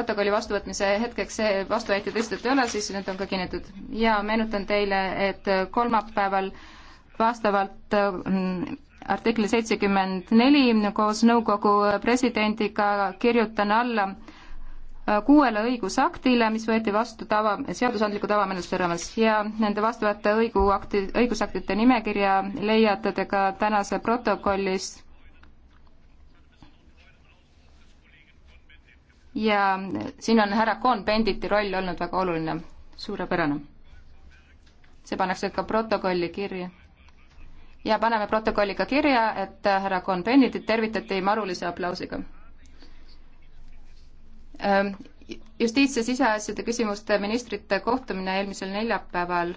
protokolli vastuvõtmise hetkeks vastuväiteid esitatud ei ole, siis need on ka kinnitatud. ja meenutan teile, et kolmapäeval vastavalt mm, artikli seitsekümmend neli koos nõukogu presidendiga kirjutan alla äh, kuuele õigusaktile, mis võeti vastu tava, seadusandliku tavamenetluse raames ja nende vastavate õiguakti, õigusaktide nimekirja leiate te ka tänase protokollis ja siin on härra Cohn-Benditi roll olnud väga oluline, suurepärane. see pannakse ka protokolli kirja. ja paneme protokolli ka kirja, et härra Cohn-Benditit tervitati marulise aplausiga. Ehm, justiits- ja siseasjade küsimuste ministrite kohtumine eelmisel neljapäeval